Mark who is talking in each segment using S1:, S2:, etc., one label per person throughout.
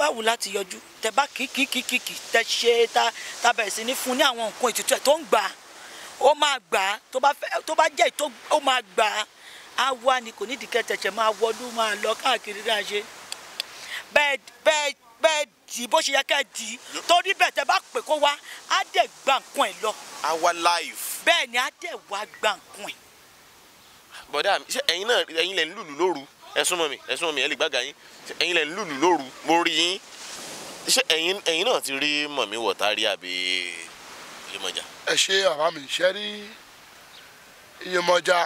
S1: báwo láti yọjú tẹ bá kìkìkìkì tẹ ṣe ta ta bẹ̀rẹ̀ sí ní fún ní àwọn nǹkan ètùtù ẹ̀ tó ń gbà ó máa gbà tó bá fẹ́ tó bá jẹ́ ìtó ó máa gbà á wá ni kò nídìí kẹtẹ̀tẹ̀ máa wọdún máa lọ káàkiri náà ṣe bẹ́ẹ̀ bẹ́ẹ̀ bẹ́ẹ̀ dì bó ṣe yẹ kẹ́ dì torí bẹ́ẹ̀ tẹ bá pè kó wá á dẹ̀ gba nǹkan ẹ̀ lọ. our life. bẹ́ẹ̀ ni á dẹ̀ wá gba nǹkan ẹ̀.
S2: bọ̀dá ẹ̀yin náà ẹ̀yin lẹ̀ ń lùlù lóru ẹ súnmọ́ mi ẹ súnmọ́ mi ẹ lè gbága yín ẹ̀yin lẹ ń lùlù lóru mo rí yín ṣé ẹ̀yin ẹ̀yin náà ti rí mọ̀mí wọ̀tá rí àbí Iyemọja.
S3: ẹ ṣe àbá mi ṣe rí Iyemọja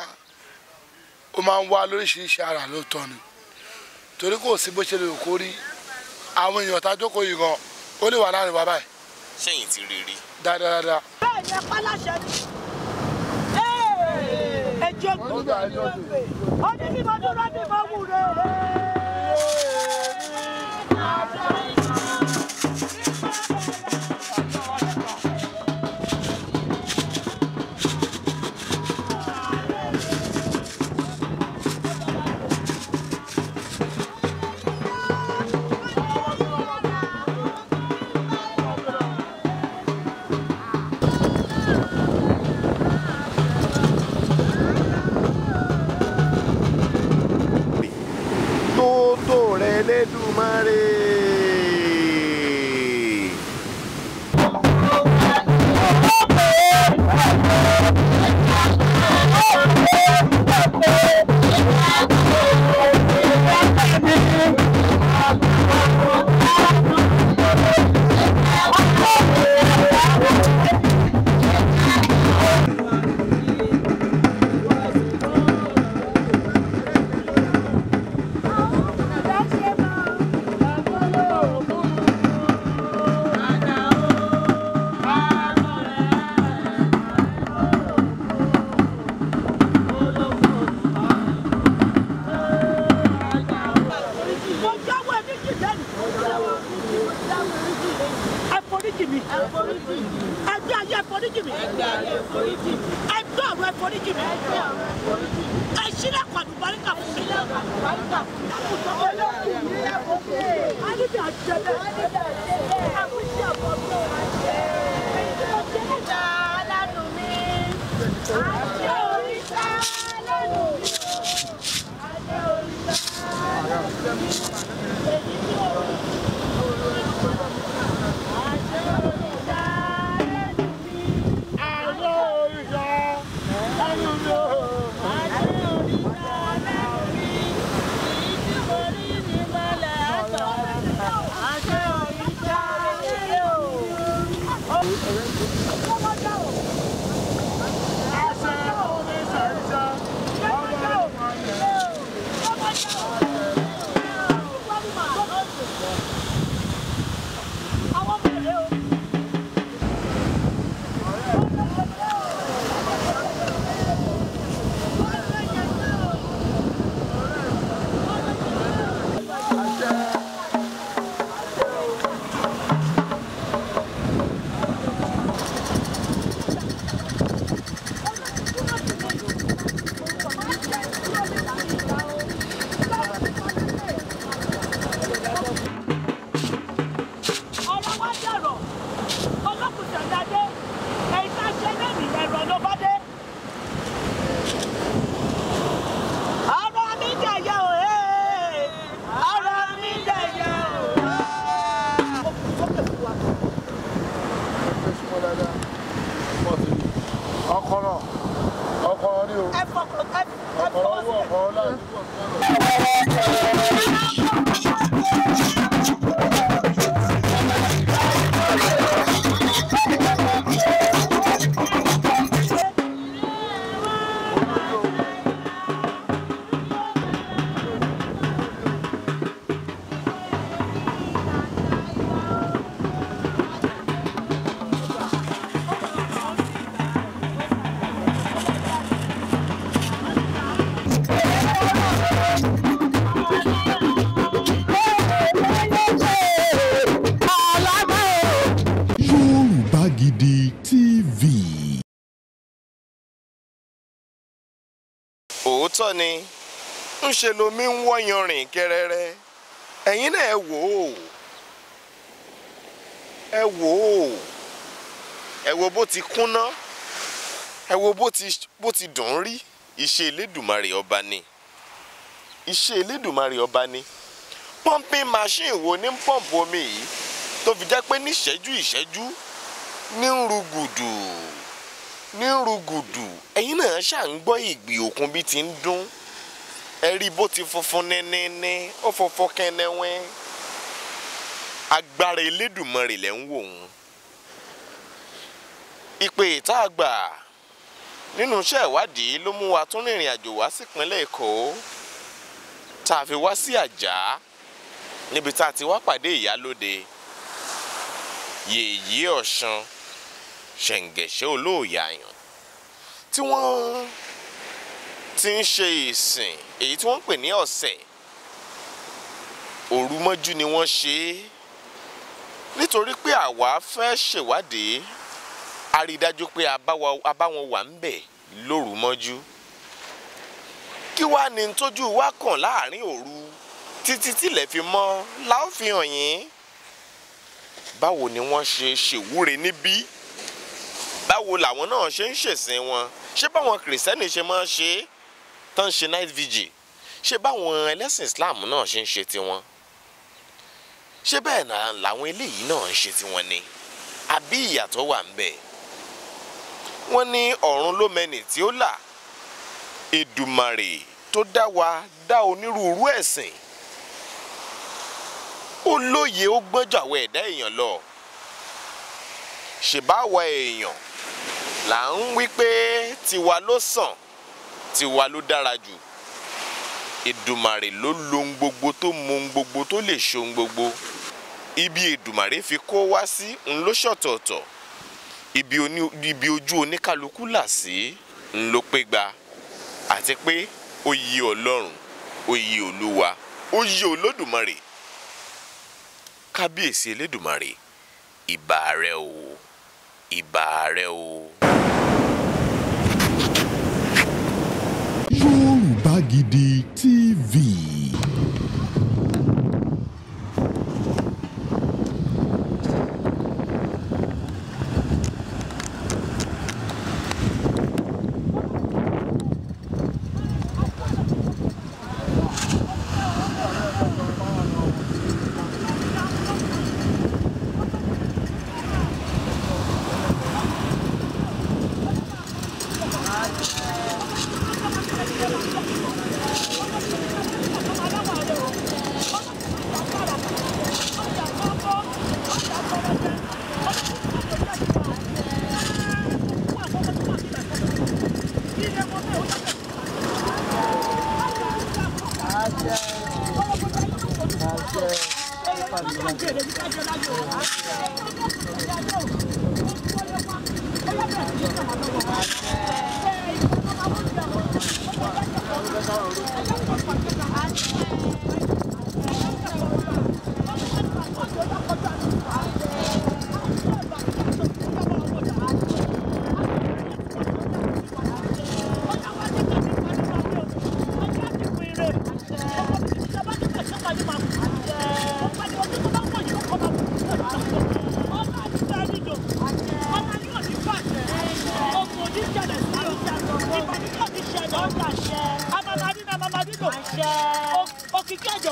S3: ó máa ń wá lóríṣiríṣi ara lóòótọ́ ni torí kò sí bó ṣe lè kó rí àwọn èèyàn tá a jókòó yìí gan ó lè wà láàrin wa báyìí. sẹ́yìn ti rí rí. dáadáa.
S1: bẹ́ẹ̀ ni ẹ pa láṣẹ ni ẹjọ́ gbọ́dọ̀ ló ń pè ọdún tí mo dúró ní mo wù rè Mari. foríjì mi. ẹgbẹ́ ayé foríjì mi. ẹgbẹ́ ọ̀rọ̀ foríjì mi. ẹ̀ṣílẹ̀kọ̀ àdùbáríkà fún mi. olókùn mi lẹ́kọ̀ọ́ pé. a níbi àjẹbẹ́. a níbi àjẹbẹ́. a kò sí ọ̀pọ̀ mi. ìjọba lánàá mi. àjẹ òrìṣà lánàá mi. àjẹ òrìṣà lánàá mi.
S2: sọ ni ńṣe lomi ń wọ́yan rìn kẹrẹrẹ ẹ̀yin náà ẹ wò ó ẹ wò ó ẹ wo bó ti kúnná ẹ wo bó ti dùn ún rí iṣẹ́ Elédùmarè ọba ni iṣẹ́ Elédùmarè ọba ni pumping machine wo ní pọ́ǹpù omi yìí tó fi jẹ́ pé níṣẹ́jú ìṣẹ́jú ní ń ru gùdù ní rúgùdù ẹ̀yin náà ṣáà ń gbọ́ ìgbì òkun bí ti ń dún ẹ rí bó ti funfun nẹ́nẹ́ní ó funfun kẹ́nẹ́wẹ́ agbára Elédùmarè lẹ́ ń wò ń ìpè tá a gbà nínú iṣẹ́ ìwádìí ló mú wa tún rìnrìn àjò wá sípínlẹ̀ Èkó tá a fi wá sí Àjà níbi tá a ti wá pàdé Ìyálóde Yèyé Ọ̀ṣun ṣẹ̀ǹgẹ̀ṣẹ́ olóòyè àyàn tí wọ́n ti ń ṣe ìsìn èyí tí wọ́n ń pè ní ọ̀sẹ̀ òru ni wọ́n ṣe é nítorí pé àwa fẹ́ ṣèwádìí a rí i dájú pé a bá wọn wà ń bẹ̀ lóru mọ́jú kí wàá ní tójú wa kàn láàrin òru títí tílẹ̀ fi mọ́ la fi hàn yín báwo ni wọ́n ṣe ṣèwúre níbí báwo làwọn náà ṣe ń ṣèsìn wọn ṣé báwọn kìrìsìtẹ́nì ṣe máa ń ṣe é tán ṣe night vigil ṣé báwọn ẹlẹ́sìn Islam náà ṣe ń ṣe tiwọn ṣé bẹ́ẹ̀ làwọn eléyìí náà ń ṣe tiwọn ni àbí ìyàtọ̀ wà ń bẹ̀ wọ́n ní ọ̀run ló mẹ́ni tí ó là Èdùmàrè tó dá wa dá onírúurú ẹ̀sìn ó lóye ó gbọ́njọ àwọn ẹ̀dá èèyàn lọ ṣèbáwa èèyàn là ń wí pé tiwa ló sàn tiwa ló dára jù Èdùmàrè ló lohun gbogbo tó mọ ohun gbogbo tó lè ṣohun gbogbo ibi Èdùmàrè fi kó wá sí ń ló ṣọ̀tọ̀ọ̀tọ̀ ibi ojú oníkálukú là sí ń ló pé gba àti pé ó yí Ọlọ́run ó yí Olúwa ó yí Olódùmarè kábíyèsí Elédùmarè ìbà rẹ o ibà rẹ o.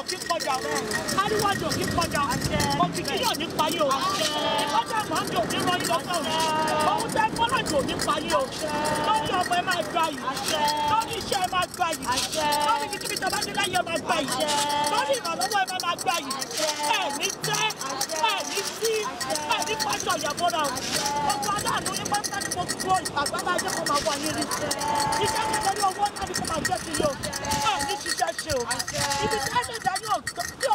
S1: òkè kọjá ariwájú òkè kọjá òkìkí òní payé o ọjà mọ́ndé òní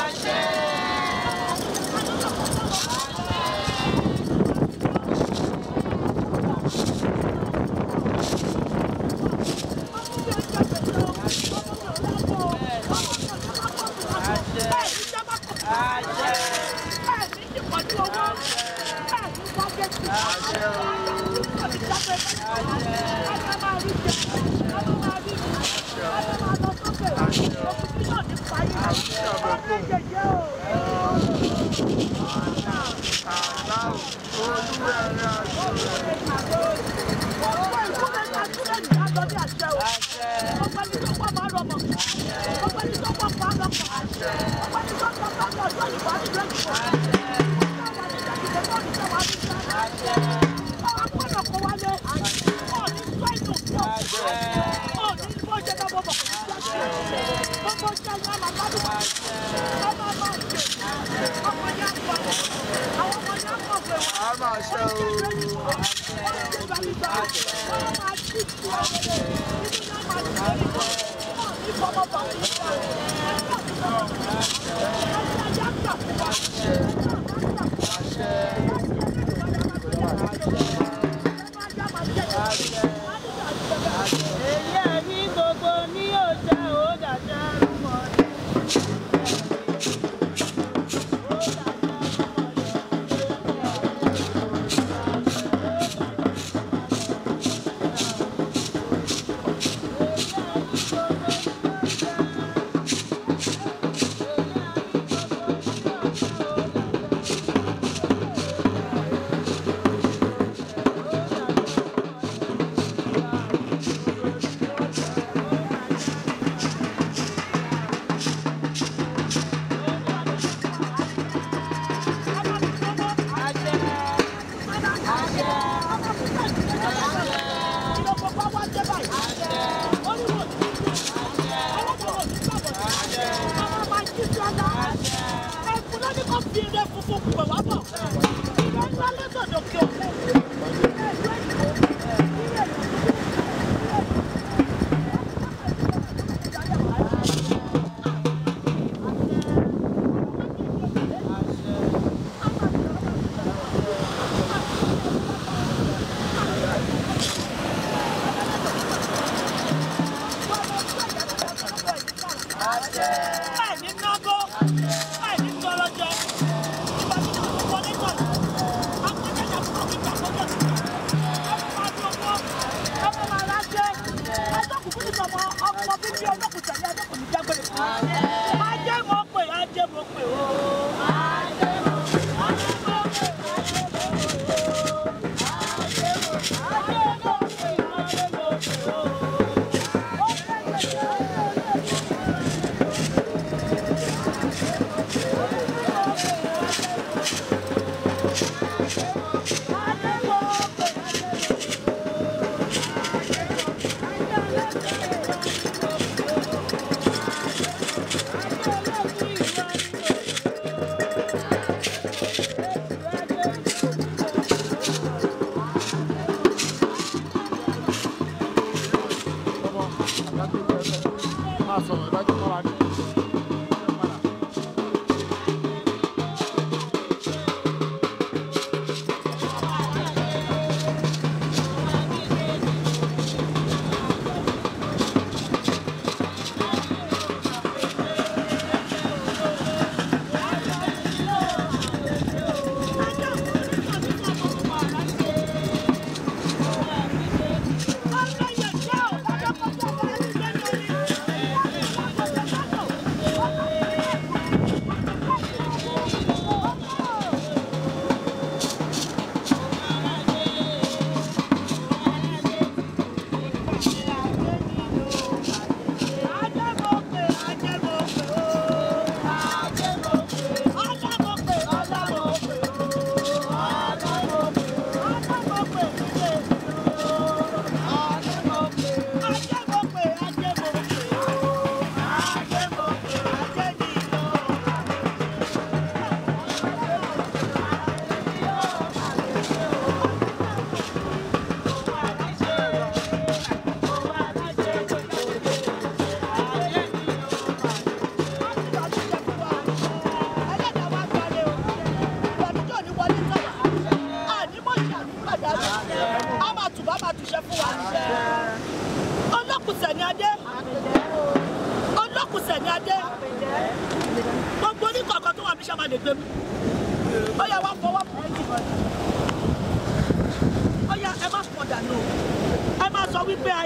S1: Àṣẹ.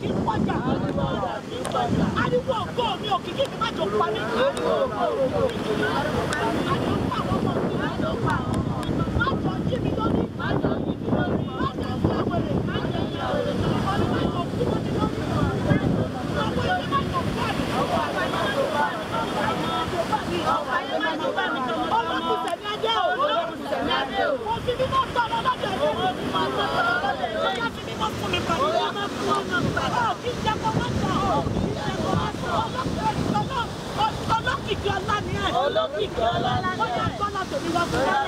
S1: kí n wájà. ariwo ògo mi ò kìkì mi má pa mí. ariwo ògo mi ò kìkì mi má pa mí. ariwo ògo mi ò kìkì mi má pa mí. má jọ mi lórí. má jọ ìgbọ́lá
S4: ìgbọ́lá tòmí wá fún ẹ̀.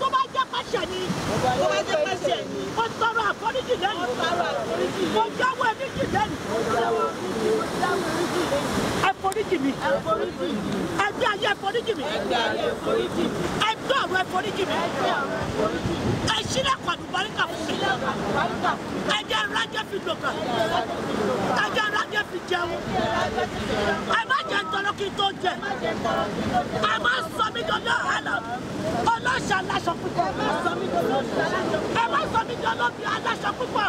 S1: tó bá jẹ́ pàṣẹ ni. mo tọrọ àforíjì lẹ́nu. mo tọrọ àforíjì. mo foríjì mi. ẹgbẹ́ ayé ẹ foríjì mi. ẹgbẹ́ ọ̀rọ̀ ẹ foríjì mi. ẹ ṣílẹ̀kùn àdùbáríkà fún mi. ẹ jẹ́ rájẹ́ fi lògàn. ẹ jẹ́ rájẹ́ fi jẹun. ẹ má jẹ tọrọ kí tó jẹ. ẹ má sọ mí dọ́dọ̀ àlọ́ olóṣà aláṣọ púpọ̀. ẹ má sọ mí di olóṣà aláṣọ púpọ̀. ẹ má sọ mí di olóbi aláṣọ púpọ̀.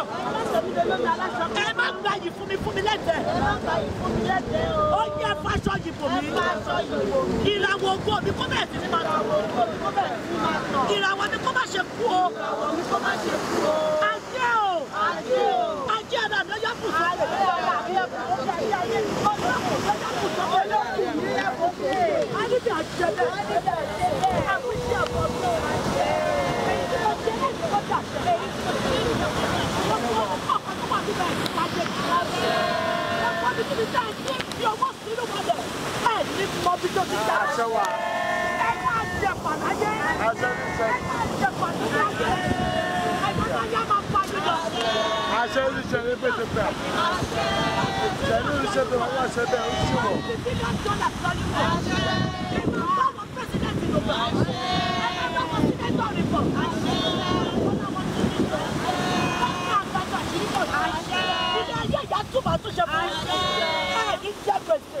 S1: ẹ má sọ mí di olóbi aláṣọ púpọ̀. ẹ má gba yìí fún mi fún mi lẹ́tẹ̀ẹ́. ẹ má gba yìí fún mi lẹ́tẹ̀ẹ́ o. ó yẹ fáṣọ yìbò mi. ẹ fáṣọ yìbò mi. ìràwọ̀ ògo mi kó bẹ̀rẹ̀ sí ni máa tàn. ìràwọ̀ ògo mi kó bẹ̀rẹ̀ sí ni máa tàn. ìràwọ̀ mi kó má ṣe kú o. ìràwọ̀ mi kó má ṣe kú o. ajé o. ajé o. ajé ọ̀dà mi ó yẹ kù sókè. ajé ọ̀dà mi ó yẹ kù sókè. olókùn ló yẹ kù sókè. olókùn ló yẹ kù sókè.
S3: àtijọ́ ti dá. àṣẹ
S1: wa. ẹ máa jẹ pàdáyé. àṣẹ mi sẹ. ẹ máa jẹ
S3: pàdáyé.
S1: àgbàdáyé máa pa jùlọ.
S3: àṣẹ mi sẹ ní pété pẹ. sẹni mi sẹ bẹ wáyé àṣẹ bẹ ń sùn wọ. Àṣẹ.
S1: Ilé ayé ìyá túmọ̀ àtúnṣe fún ẹ ní jẹ́ gbèsè.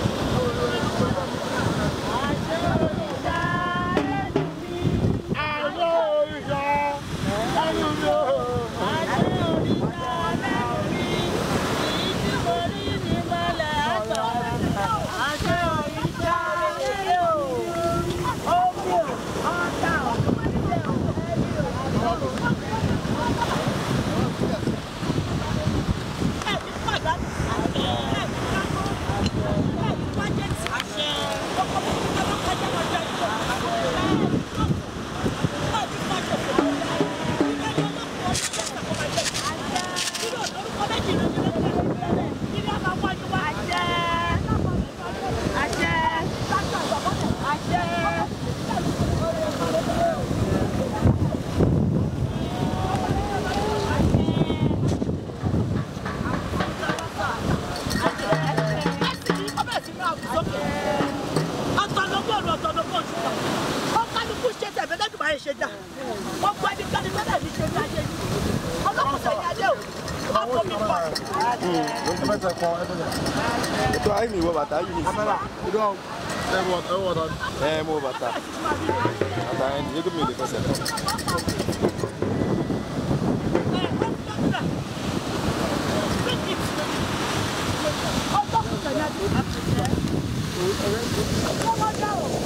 S1: ṣe dà gbogbo ẹnikẹ́ni tẹ́lẹ̀ mi ṣe dá yé mi ọlọ́run sẹ́yìn adé o ọkọ mi pọ̀.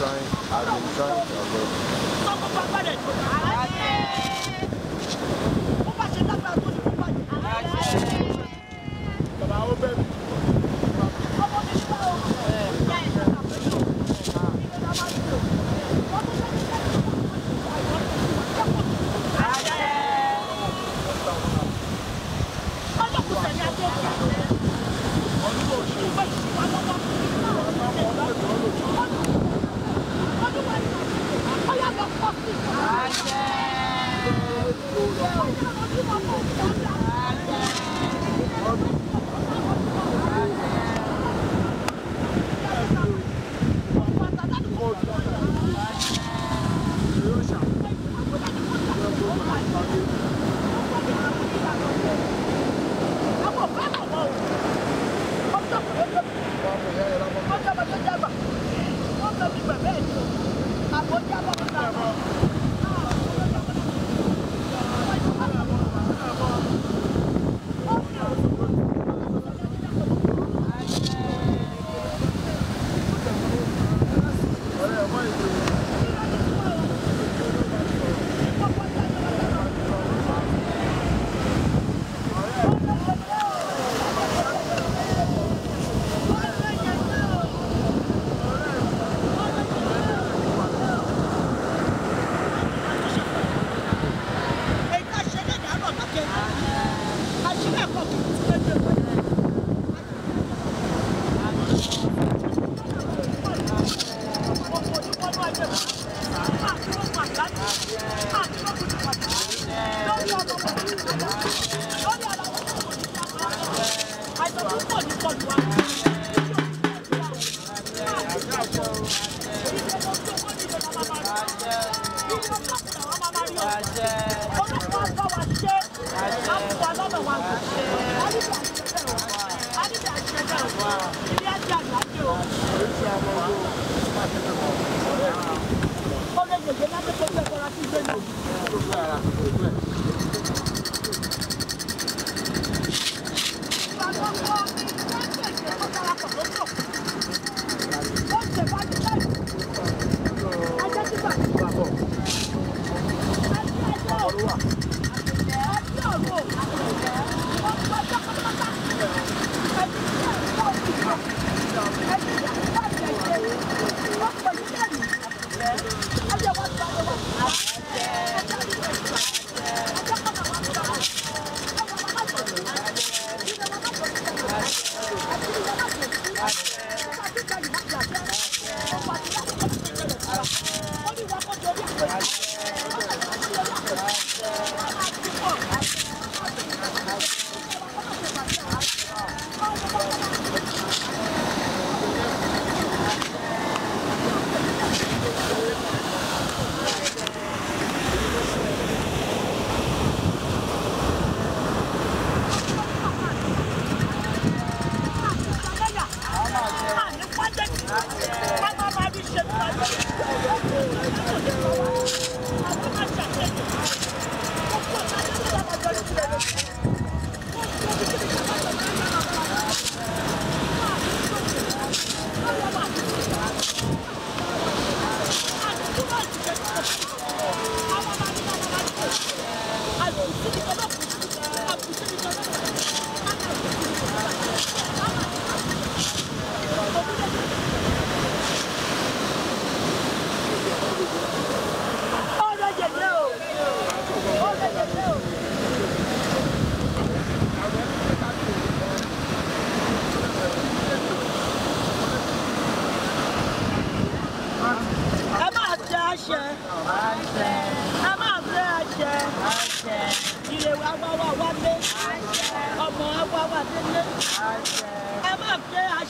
S1: trying, I've been trying to avoid. Thank you.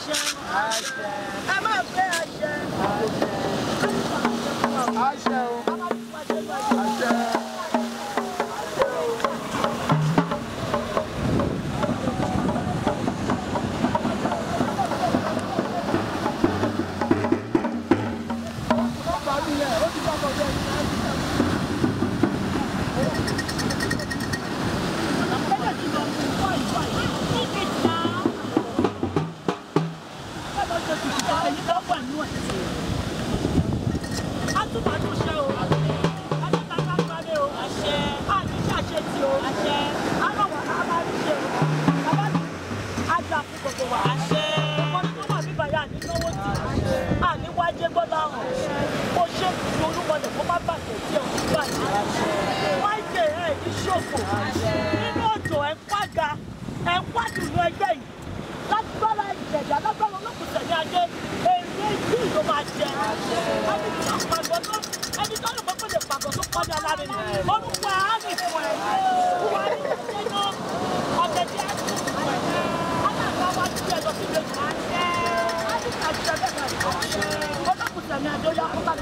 S1: àṣẹ. àṣẹ. ẹ má fẹ́ àṣẹ. àṣẹ. àṣẹ o. àṣẹ. ṣòfò nínú òjò ẹ̀ ń pàgà ẹ̀ ń pàdùnú ẹgbẹ́ yìí. ló máa jẹ ẹni tó lè gbọ́dọ̀ lè pàgọ́ tó kọjá lára ni orúkọ àánì fún ẹ wà ní ìdílé náà ọ̀gẹ̀ tí a ti fún ẹ alága wa ti jẹ lọ sí ilé ìgbà á ti kà jẹ bẹ́ẹ̀ náà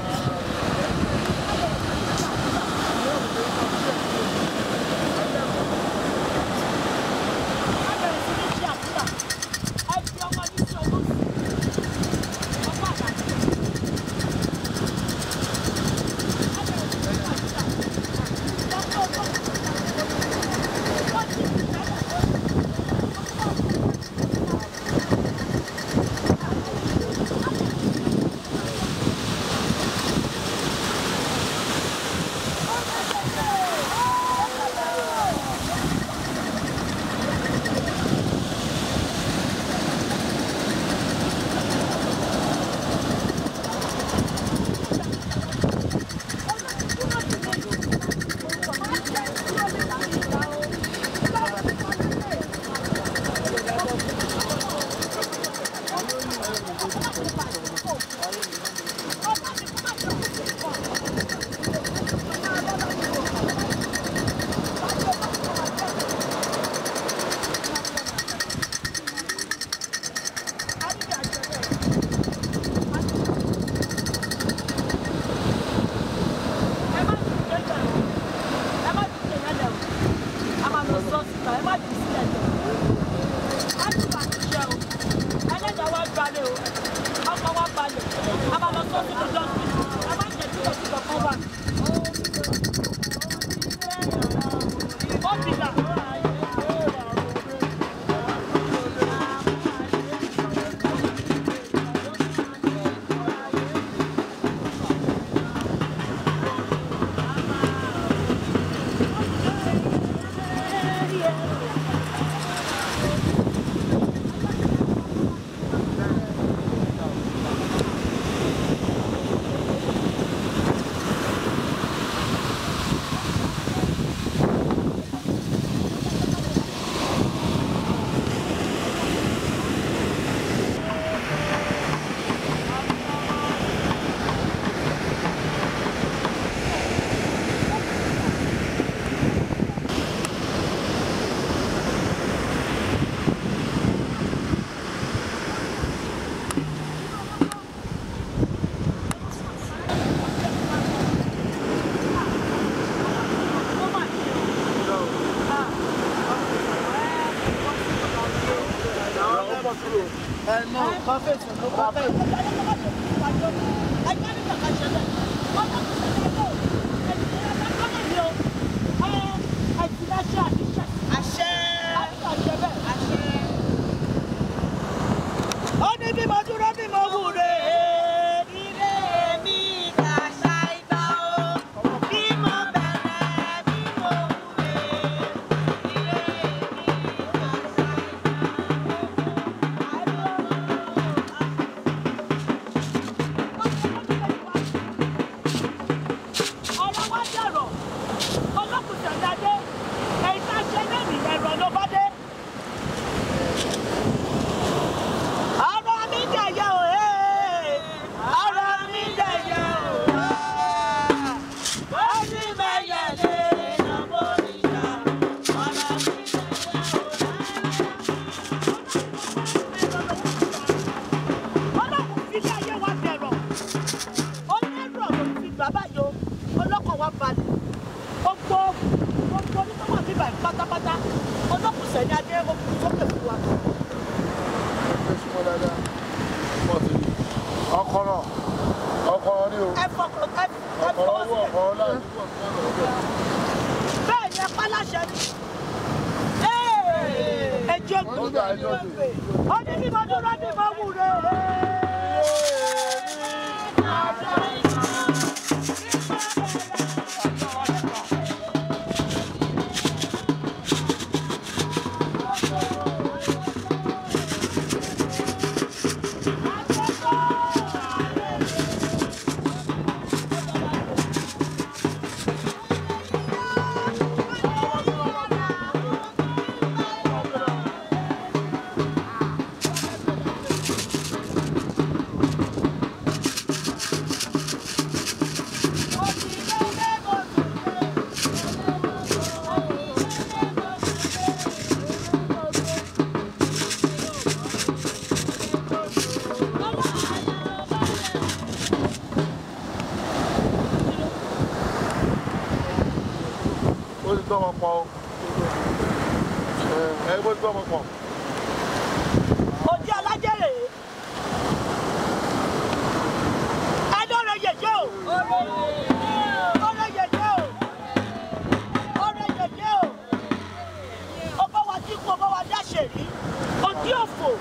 S1: o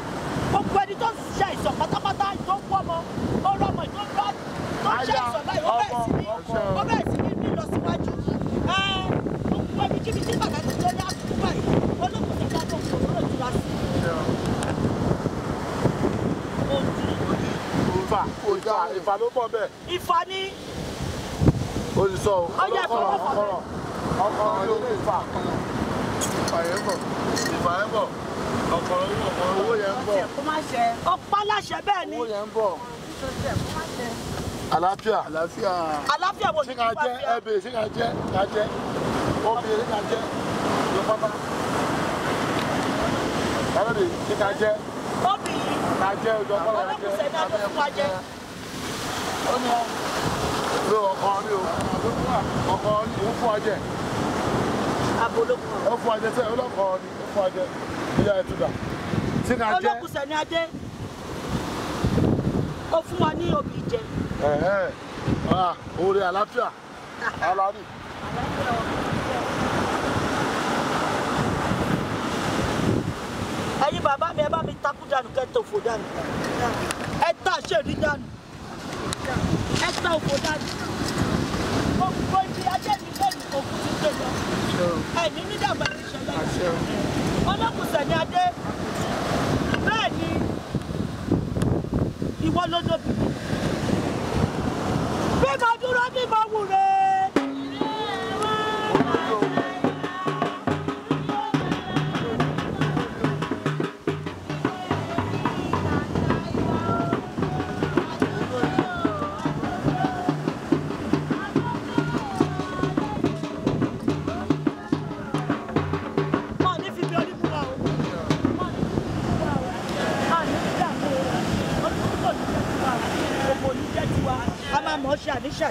S1: gbogbo ẹni tó ṣe àìsàn pátápátá ìtò ń wọ́mọ ó rọmọ ìtò ń lọ tó ṣe àìsàn báyìí ó bẹ̀rẹ̀ sí ní ní ìlọsíwájú gbogbo ẹni jìbìtì pàtàkì tó ní àkókò báyìí olókùn ti ká tó ń kò lóòjù wá sí.
S3: ìfà ìfà ìfà ló bọ̀ bẹ́ẹ̀. ìfà ni. olùsọ ọlọ́kọ̀rọ̀ ọkọ̀ ọkọ̀ ọlọ́kọ̀ ìfà ìfà ẹ̀ bọ̀ ìfà ẹ̀ bọ̀ ọ̀pọ̀ owó yẹn ń bọ̀.
S1: ọ̀pá láṣẹ bẹ́ẹ̀ ni. owó yẹn ń bọ̀.
S3: àlàáfíà. àlàáfíà. àlàáfíà wo ni kí n bá fi ẹ. ẹbè sí ká jẹ ká jẹ obìnrin ká jẹ ló pápá. kálódì sí ká jẹ. obìnrin. ká jẹ ojú ọpọlọ ká jẹ. ọlọ́kùnrin náà ló fún wa jẹ. ó ní ọ lo ọkọ rí o ọkọ rí o fún ọjẹ. abolokun. ó ọjẹ sẹ́yìn ó lọ́kọ̀ọ́ ni fún ọjẹ ìyá ẹ̀túgà tí nà jẹ́ olókùsẹ̀ ni adé ó fún wa ní obì jẹ. Ah, oore àlàáfíà alárì.
S1: ẹ̀yin bàbá mi ẹ bá mi takú dànù kẹ́ tó fò dànù ẹ tá àṣírí dànù ẹ tá òfò dànù gbogbo ibi ajé mi lẹ́nu òkú ti lọ ẹ̀ ní nídàgbà ìṣẹ̀lẹ̀. Olókùnsẹ̀mí Adé bẹ́ẹ̀ ni ìwọ ló dóbi bí mo dúró bí mo wù rèé.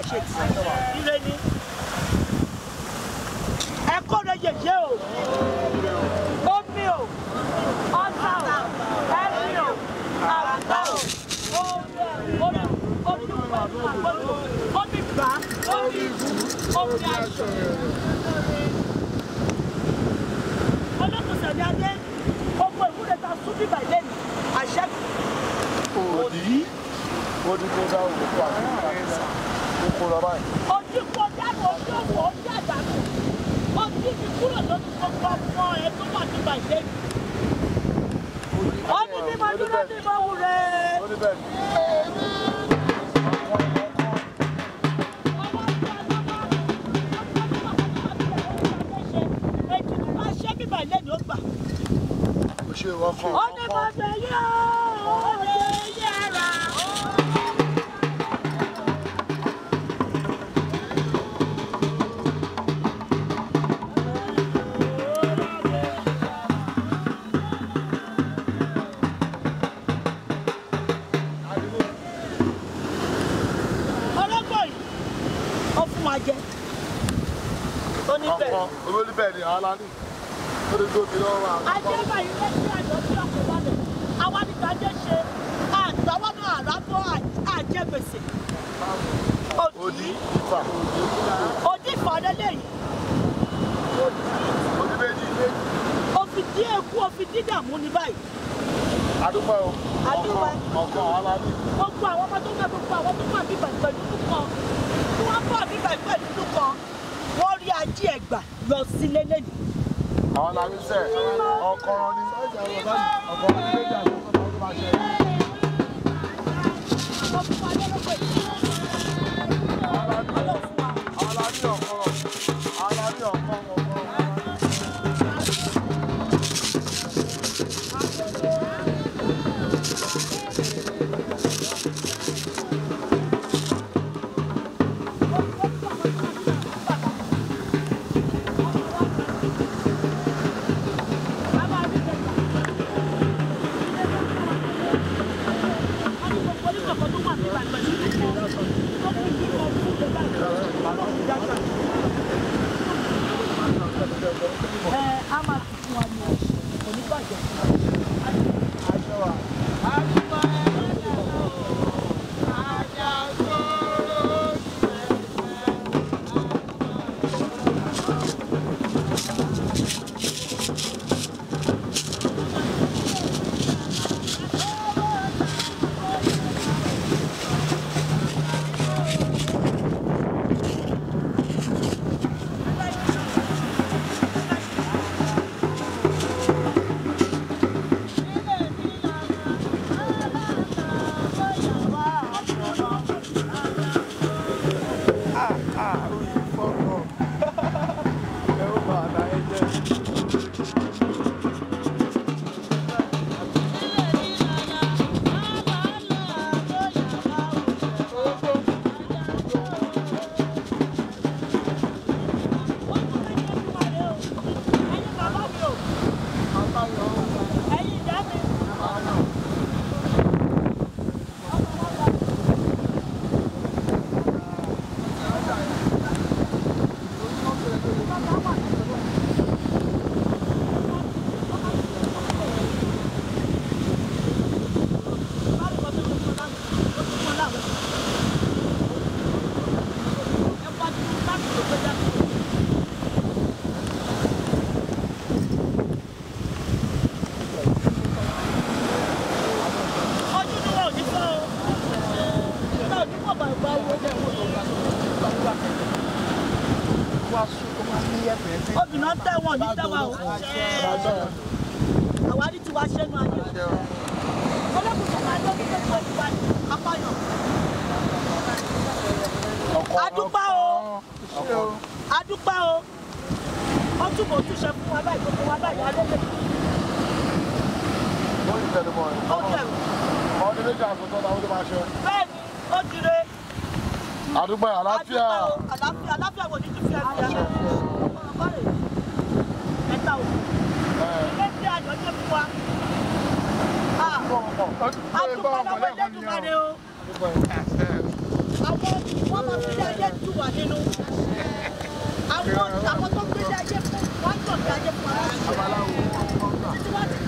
S1: ire ni ẹ̀kọ́ rẹ̀ yẹ̀yẹ́ o omi o ọ̀sà o ẹ̀sìn o àgbà o omi omi omi omi gbà omi tẹ̀lé mọ́ ẹ̀. ó tẹ̀wé. àwọn ilé ìjà àgùntàn làwọn ló máa ṣe. bẹ́ẹ̀ni ó dire.
S3: àdúgbò àlàáfíà. àdúgbò àlàáfíà wò ní ti fi ẹ̀mí ẹ̀. ẹ̀ta o. ilé
S1: tí a jọ ṣe fún wa. àdúgbò ah, lọ́wọ́ ilé ìdúpadé o. àwọn wọn máa fi ilé ayé tù wá nínú. àwọn àwọn tó ń gbé ilé ayé fún wọn tó ń gbé ayé fún wa. títí wá ti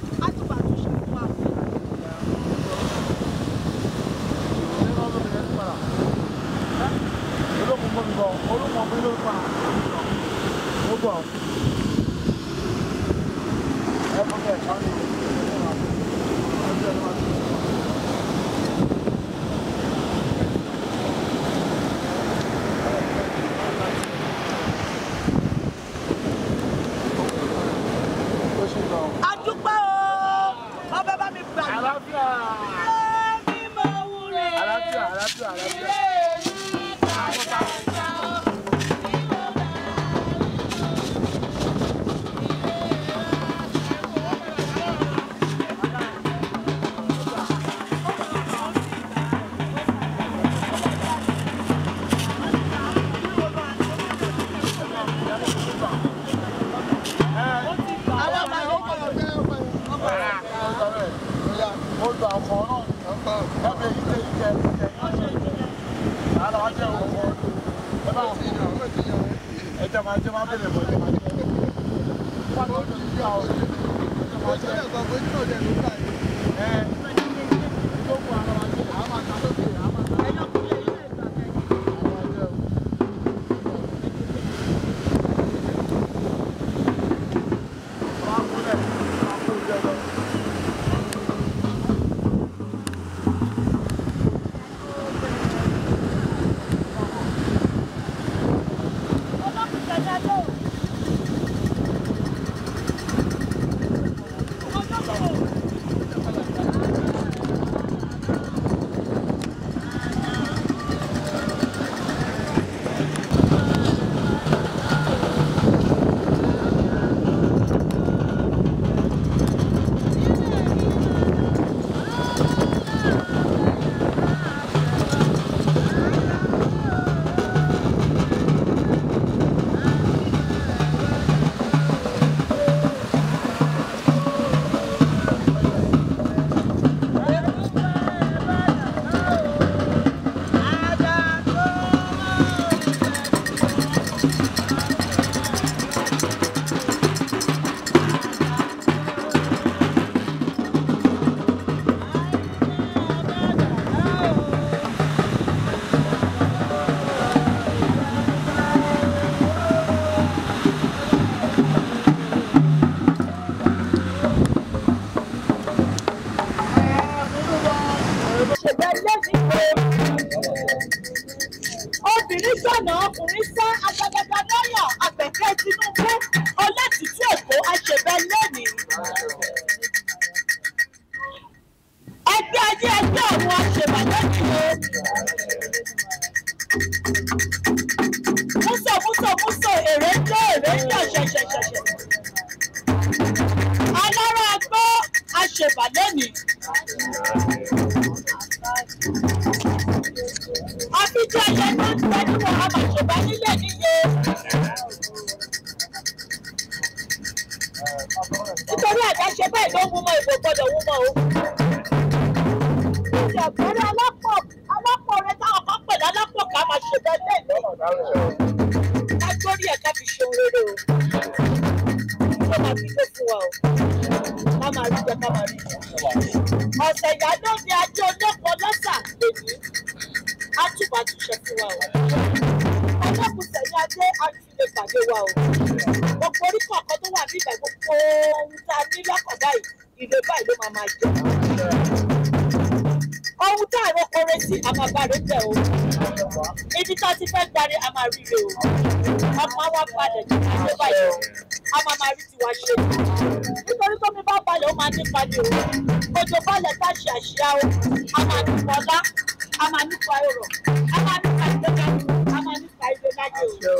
S1: lérè o ìjọba máa fi tó fún wa o ká máa rí jẹ ká máa rí jẹ. ọ̀sẹ̀ ìyálóde ajé olóko lọ́sà lèmi á túbà túnṣe fún wa o. ọlọ́kùn sẹ̀yìn ajé àtúnṣe pàdé wa o. gbogbo orí kọ̀ọ̀kan tó wà nígbà gbogbo ohun tá a ní lọ́kàn báyìí ìrè báyìí ló máa máa jẹ ohun tá àwọn kọrẹsì àmàbàrẹ tẹ o ibi tá a ti fẹ́ darí a máa rí rè o a máa wá balẹ̀ tó ti dé báyìí a máa máa rí tiwa ṣe nítorí tó mi bá balẹ̀ ó máa ní balẹ̀ o òjò balẹ̀ tá a ṣe àṣìá o a máa ní bọ́lá a máa nípa ọrọ̀ a máa nípa ìgbéga a máa nípa ìgbéga yìí o.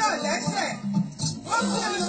S5: yọ̀ us Wọ́n kú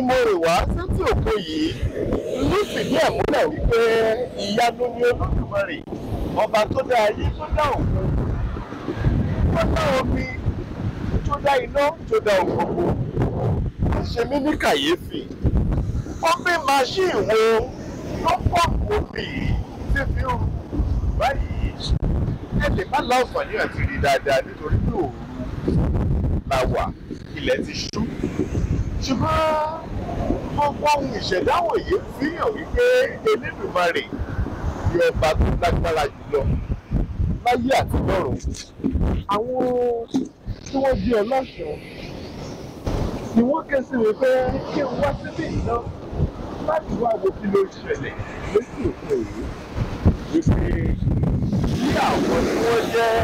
S4: tí mo rè wá sétí òkun yìí
S6: ló fìdí ẹ̀ múlẹ̀ wípé ìyanu ni olódùmarè ọba tó dá ayé tó dá òkun tó dá omi tó dá iná tó dá òkòkò ṣe mí ní kàyéfì pọ́pì machine wo ló pọ̀pù omi yìí tí fi ń rú báyìí ẹ lè má láǹfààní àti rí dáadáa nítorí pé òru la wà ilẹ̀ ti ṣú ṣùgbọ́n gbogbo ohun ìṣẹ̀dá wọ̀nyí fi hàn wípé Elédùmarè ni ọba tó lágbára jùlọ láyé àti lọ́run àwọn tí wọ́n di ọlọ́ṣọ̀ọ́ ni wọ́n ké sí mi pé kí n wá síbí iná láti wá wo kí ló ṣẹlẹ̀ lójú òfin yìí wípé bí àwọn tí wọ́n jẹ́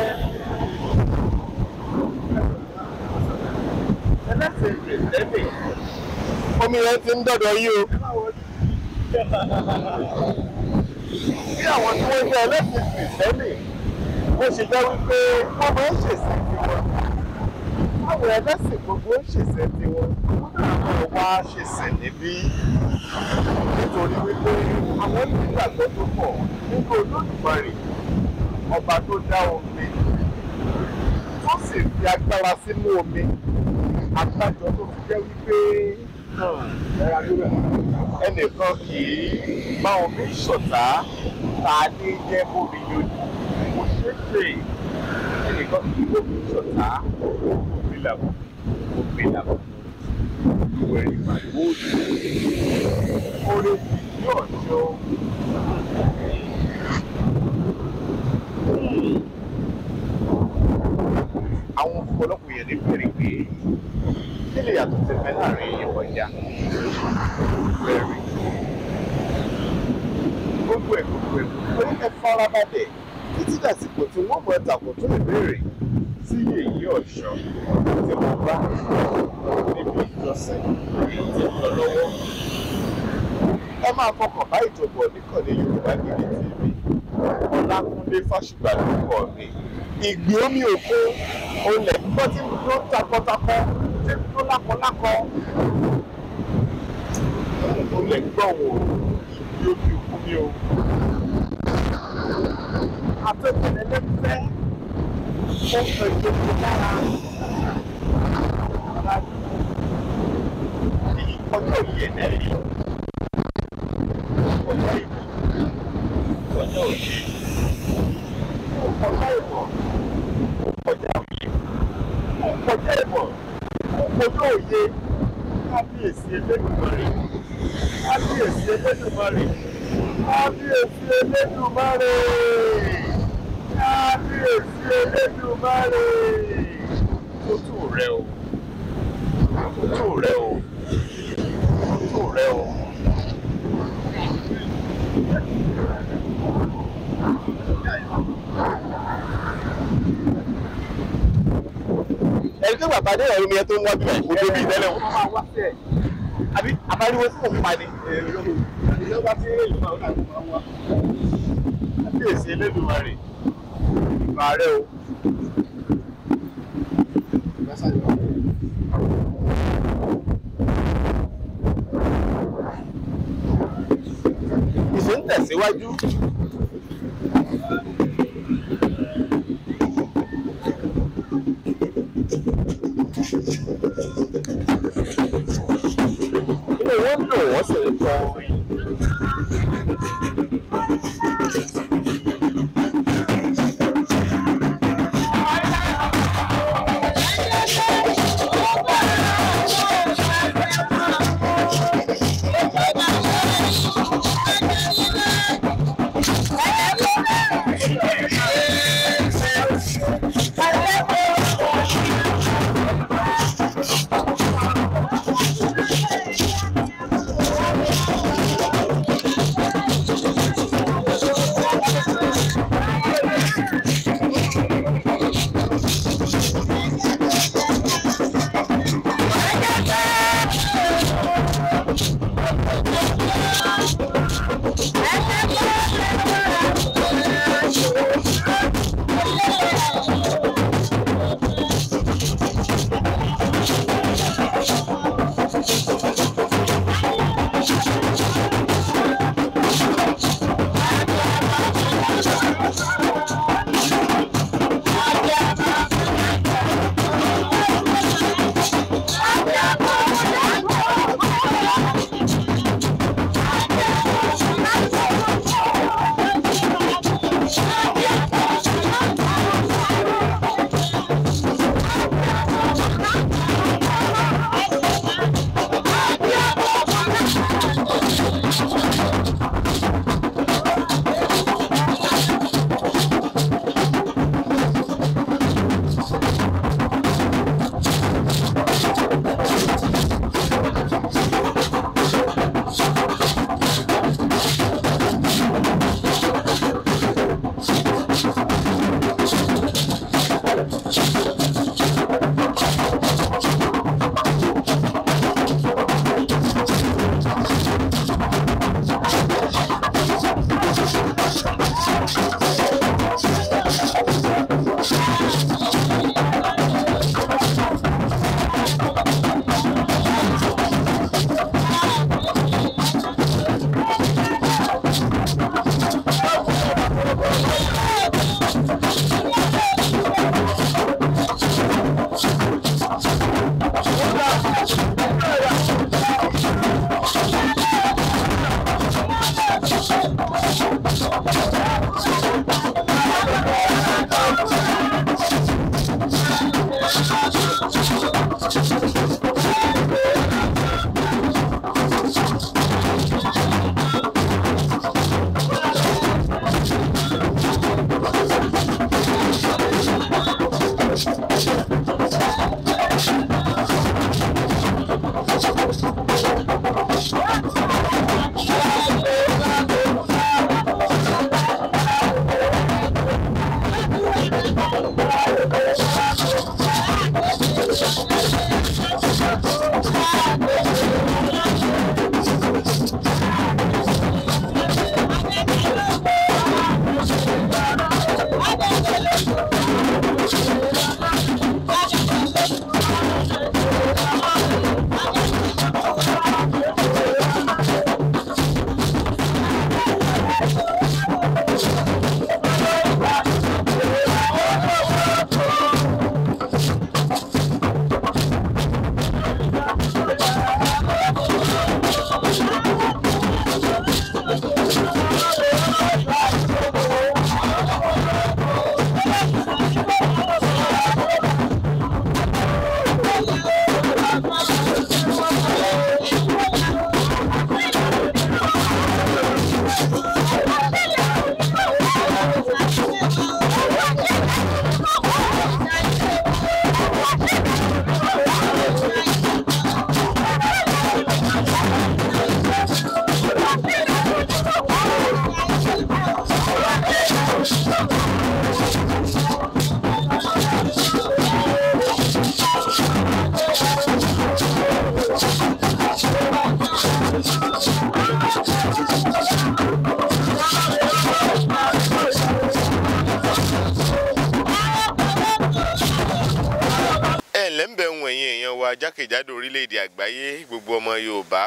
S6: ẹlẹ́sìn kìrìtẹ́nì omi yẹn ti ń dọ̀dọ̀ yí o. bí àwọn tí wọ́n jẹ́ ẹlẹ́sìn kìrìsìtẹ́nì bó ṣe jẹ́ wípé gbogbo ń ṣèṣe tiwọn àwọn ẹlẹ́sìn gbogbo ń ṣèṣe tiwọn àwọn wa ṣèṣe níbí nítorí wípé àwọn ìgbàgbọ́ tó pọ̀ nígbà olódùmarè ọba tó dá omi tó sì fi agbára sínú omi àgbájọ tó fi jẹ́ wípé ẹnìkan kì í bá wọn fi ṣọ̀tá ta ní jẹ́ bóbi lónìí mo ṣe pé ẹnìkan kì í bóbi ṣọ̀tá òbí làbọ̀
S4: òbí làbọ̀ ìwẹ̀ ìgbàgbọ́ òdì orí yóò jọ àwọn ọ̀pọ̀lọpọ̀ yẹn lè bẹ̀rẹ̀ pé kí lè yàtọ̀ ti fẹ́ láàrin yìí kọjá bẹ̀rẹ̀ gbogbo ẹ̀ gbogbo ẹ̀ gbogbo ẹ̀ ẹ̀ farabalẹ̀
S6: títí dàsìkò tí wọ́n mọ̀ ẹ̀tàkùn tó lè bẹ̀rẹ̀ sí èyí ọ̀ṣọ́ tí mo bá níbi ìjọsìn èyí tí ń lọ lọ́wọ́. ẹ máa fọkàn bá ìjọba oníkànnì Yorùbá Gidi TV Ọlákúnlé Fásùgbà lórúkọ mi ìgbé omi olè púpọ̀ tí mo dúró takọtakọ tí mo dúró lákọlákọ mo lè gbọ́ wò òkú mi o. àtọ́jọ́lẹ̀ lẹ́fẹ́ ó fẹ́ gbogbo lára ara ní ọjọ́ yìí ẹ̀ lẹ́yìn ọjọ́ ìbò ọjọ́ òṣèlú. òye kábíyèsí Elédùmarè kábíyèsí Elédùmarè kábíyèsí Elédùmarè kábíyèsí Elédùmarè òtún rẹ o òtún rẹ o òtún rẹ o. Thank you. pé bàbá dé ọ̀rọ̀ mi ẹ tó ń wá bí báyìí kò débi ìtẹ́lẹ̀ wọn. àbí abáríwó tí kò pa ni. ìjọba tí èyí máa ń wá máa ń wá. kábíyèsí elédùnmarè ìgbà rẹ o. ìṣe ń tẹ̀síwájú. probably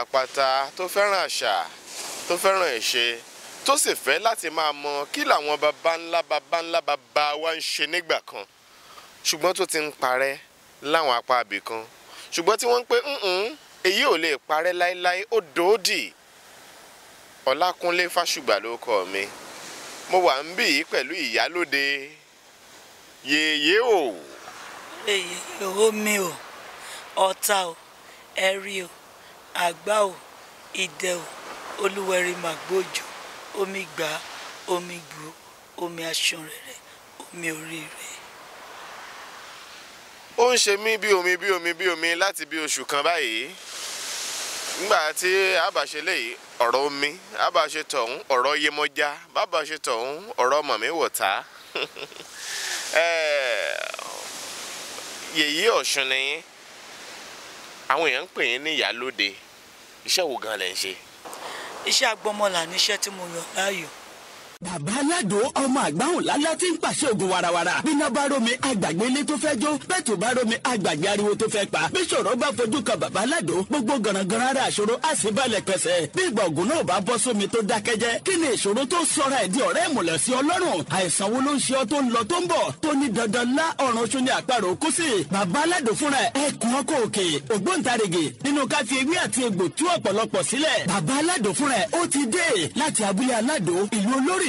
S2: pàápàá tó fẹ́ràn àṣà tó fẹ́ràn ìṣe tó sì fẹ́ láti máa mọ kí làwọn baba ńlá baba ńlá baba wa ń ṣe nígbà kan ṣùgbọ́n tó ti ń parẹ́ láwọn apá ibì kan ṣùgbọ́n tí wọ́n ń pè èyí ò lè parẹ́ láéláé ó dòódì Ọlákúnlé Fásùgbà ló kọ mi mo wà ń bì í pẹ̀lú ìyálóde
S1: yèyé o. èyí ò mi o ọ̀tá o ẹ̀rí o àgbáò ìdẹ̀ò olúwẹ̀rí màgbóòjò omi gbà omi gbò omi aṣọrẹrẹ
S3: omi orí rẹ.
S2: ó ń ṣe mí bí omi bí omi bí omi láti bí oṣù kan báyìí nígbà tí àbàṣe léyìí ọ̀rọ̀ omi àbàṣe tọ̀hún ọ̀rọ̀ yemọja bàbàṣe tọ̀hún ọ̀rọ̀ mọ̀míwọ̀ta yèyí ọ̀ṣun nìyí àwọn èèyàn ń pè yín ní ìyálóde iṣẹ́ wo gan lẹ̀ ń ṣe.
S1: iṣẹ́ agbọmọlà ni iṣẹ́ tí mo yàn láàyò bàbá aládùn ọmọ àgbáhùn lálá tí ń pàṣẹ
S7: ògùn warawara bíná bá romi àgbàgbé ilé tó fẹ́ jó bẹ́ẹ̀tù bá romi àgbàgbé ariwo tó fẹ́ pa bí sọ̀rọ̀ bá fojú kan bàbá aládùn gbogbo gànàgànà ara àṣòro á sì balẹ̀ pẹ̀sẹ̀ bí ìgbà ògùn náà bá bọ́ sómi tó dákẹ́jẹ́ kí ni ìṣòro tó sọra ẹ̀ di ọ̀rẹ́ ìmùlẹ̀ sí ọlọ́run àìsàn wo ló ń ṣe ọ tó ń lọ tó ń bọ̀ tó ní dandan lá
S2: ọ̀run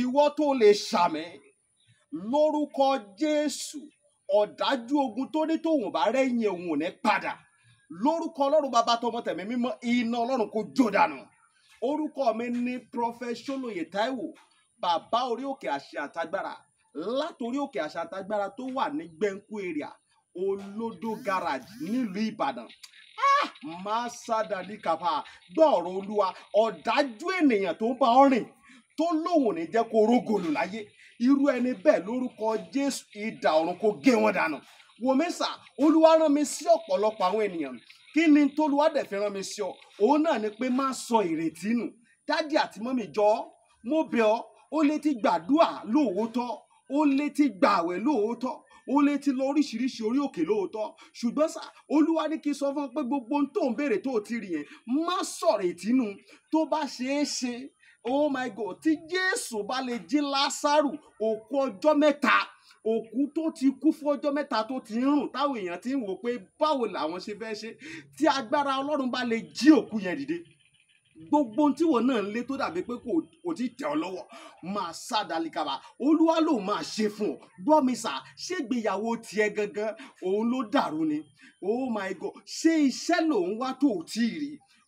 S7: ìwọ tó lè ṣàmì lórúkọ Jésù ọ̀dájú ogun tó ní tòun bá rẹ́yìn e, òun ò ní padà lórúkọ ọlọ́run bàbá tọmọ tẹ̀mí mímọ́ iná ọlọ́run kò jó dànù orúkọ mi ní prọfẹsọlóye Táíwò bàbá orí òkè àṣẹ àtagbára látòrí òkè àṣẹ àtagbára tó wà ní gbẹ̀ǹkú area olódó garage nílùú Ìbàdàn ah! máa sádàlí kàfà gbọ́ ọ̀rọ̀ olúwa ọ̀dájú ènìyàn tó ń bá ọ rìn tó lóun ní jẹ́ kó rógòlù láyé irú ẹni bẹ́ẹ̀ lórúkọ Jésù idà ọ̀run kó gé wọn dànù wòmísà olúwa rán mi sí ọ̀pọ̀lọpọ̀ àwọn ènìyàn kí ni tólúwa dẹ̀ fi rán mi sí ọ òun náà ni pé má sọ ìrètí nù dádì àti mọ́mì jọ mo bẹ̀ ọ́ ó lè ti gbàdúà lóòótọ́ ó lè ti gbààwẹ̀ lóòótọ́ ó lè ti lọ oríṣiríṣi orí òkè lóòótọ́ ṣùgbọ́n sá olúwa ní kí n sọ fún ọ pé gbogbo ohun tó ń béèrè tó ti rí yẹn má sọ̀rètí nù tó bá ṣeé ṣe oh my god tí jésù bá lè jí lásàrù òkú ọjọ́ mẹ́ta òkú tó ti kú fún ọjọ́ mẹ́ta tó ti ń rùn táwọn èèyàn ti ń wò pé báwo làwọn ṣe fẹ́ ṣe tí agbára ọlọ́run bá lè jí òkú yẹn dìde gbogbo ohun tíwọ náà ń lé tó dàbí pé kò tí tẹ̀ ọ́ lọ́wọ́ máa sá dalikaba olúwa ló máa ṣe fún ọ gbọ́ mi sà ṣégbéyàwó tiẹ̀ gangan òun ló dàrú ni oh my god ṣé iṣẹ́ lòun wá tó ò tí ì rí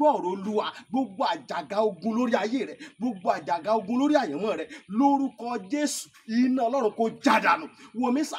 S7: gbọ́ ọ̀rọ̀ olúwa gbogbo àjàgà ogun lórí ayé rẹ gbogbo àjàgà ogun lórí àyẹ̀mọ́ rẹ lórúkọ jésù iná ọlọ́run kò jádànù wòmísà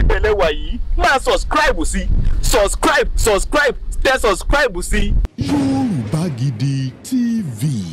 S2: ìbẹ̀lẹ̀ wà yìí máa subscribe sí subscribe subscribe tẹ subscribe sí.
S6: Yorùbá Gidi TV.